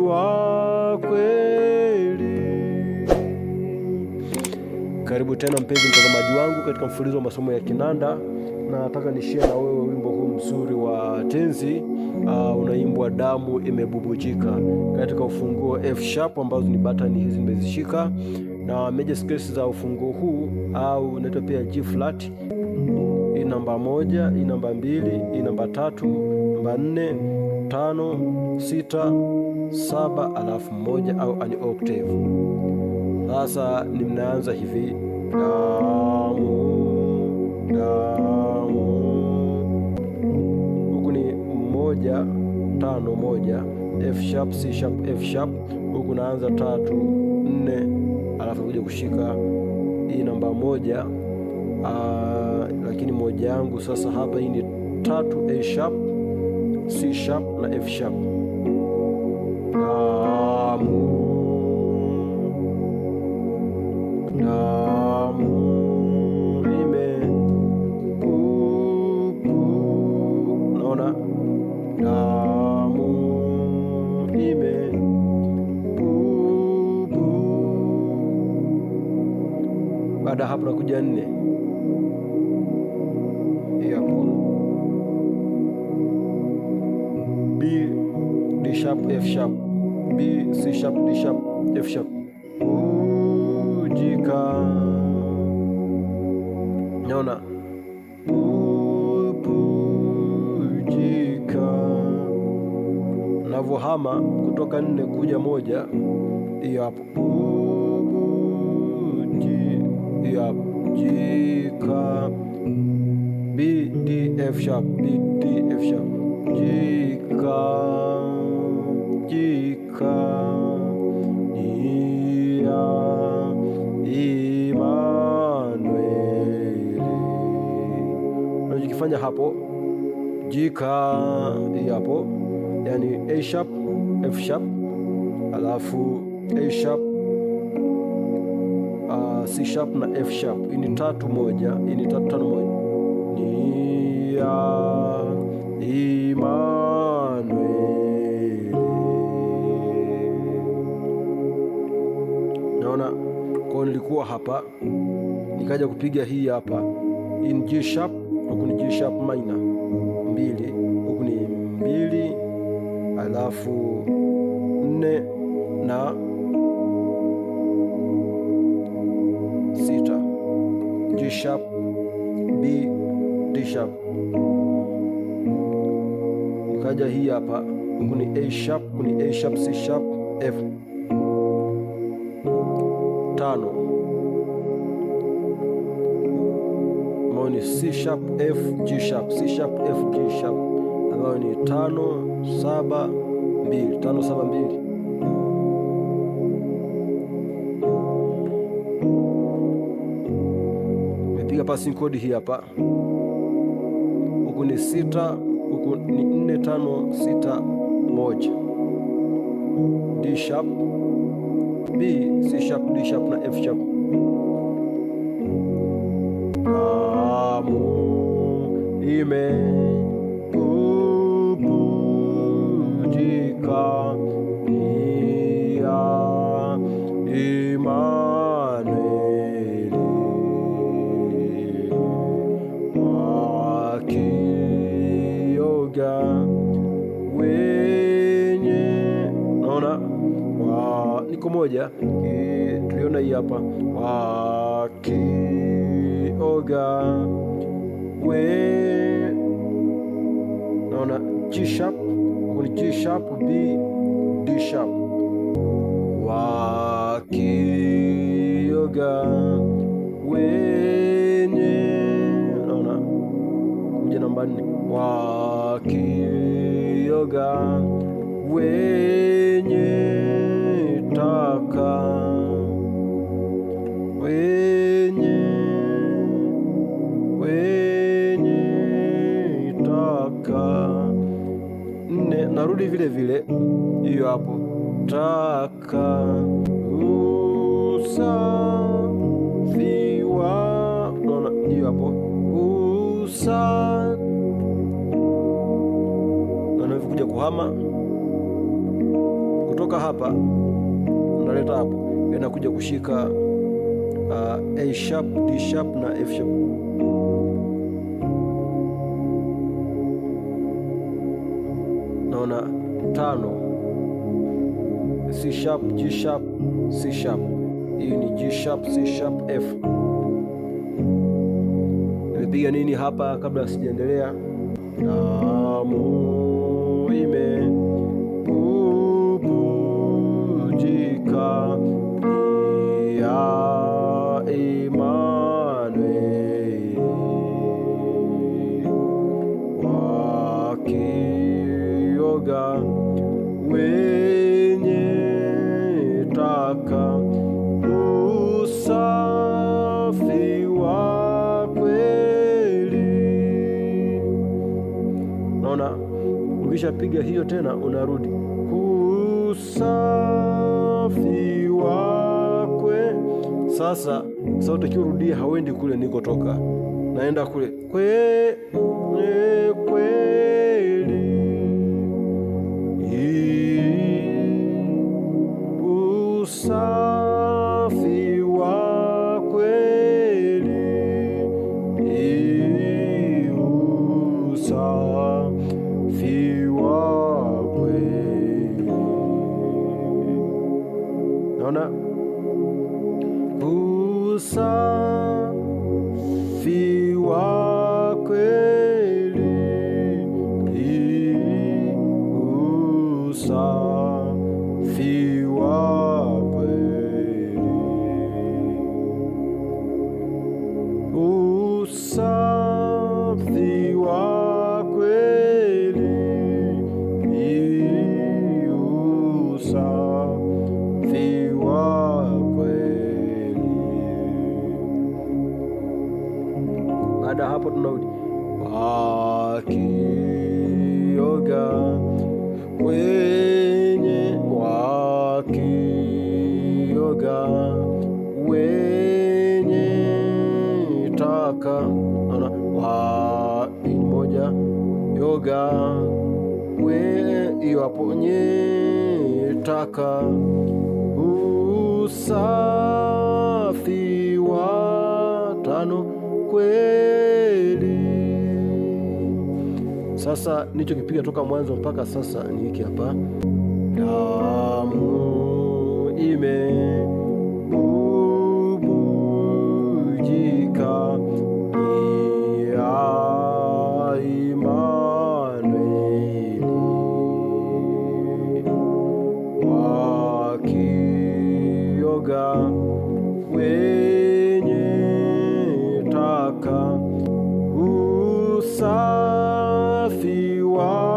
wa kweli. Karibu tena mpenzi mtazamaji wangu katika mfululizo wa masomo ya kinanda, na nataka nishia na wewe wimbo huu mzuri wa tenzi uh, unaimbwa damu imebubujika katika ufunguo F sharp, ambazo ni batani hizi nimezishika, na major scales za ufunguo huu au unaitwa pia G flat. Hii namba moja, hii namba mbili, hii namba tatu, namba nne tano, sita, saba alafu moja au an octave. Sasa ni mnaanza hivi damu damu, huku ni moja tano moja, F sharp C sharp F sharp, huku naanza tatu nne, alafu kuja kushika hii namba moja. Aa, ah, lakini moja yangu sasa hapa hii ni tatu A sharp C sharp na F sharp. Damu, damu imekupa, unaona, damu imekupa. Baada hapo nakuja nne sharp, F sharp, B, C sharp, D sharp, F sharp. Ujika. Naona Ujika. navyohama kutoka nne kuja moja, hiyo hapo hiyo hapo jika B D F sharp B D F sharp jika Unajikifanya hapo jika hii hapo, yani A sharp F sharp, alafu A sharp uh, ah, C sharp na F sharp. Hii tatu moja, ini tatu tano moja ni nilikuwa hapa nikaja kupiga hii hapa, hii ni G sharp, huku ni G sharp minor mbili, huku ni mbili alafu nne na sita, G sharp B D sharp. Nikaja hii hapa, huku ni A sharp, huku ni A sharp C sharp F tano ambayo ni C sharp F G sharp, C sharp F G sharp ambayo ni tano saba mbili, tano saba mbili. Nimepiga passing chord hii hapa, huku ni sita, huku ni nne tano sita moja, D sharp B, C sharp D sharp na F sharp. imekubutika pia Imanueli wakioga wenye ona wa, niko moja tuliona hii hapa wakioga where naona G sharp kwenye G sharp be D sharp Waki wakioga wenye naona kuja namba Waki yoga, wenye Rudi vile vile, hiyo hapo. Taka usafiwa, unaona hiyo hapo usa, nanavikuja kuhama kutoka hapa, unaleta hapo, inakuja kushika uh, A sharp, D sharp na F sharp. tano C sharp, G sharp, C sharp. Hii ni G sharp, C sharp, F. Nimepiga nini hapa kabla sijaendelea na ah, Ukisha piga hiyo tena unarudi usafi wakwe. Sasa sauti utakiwa hawendi kule nikotoka, naenda kule kwe Nimekanyaga we iwaponye taka usafi wa tano kweli. Sasa nicho kipiga toka mwanzo mpaka sasa ni hiki hapa, damu ime if you are.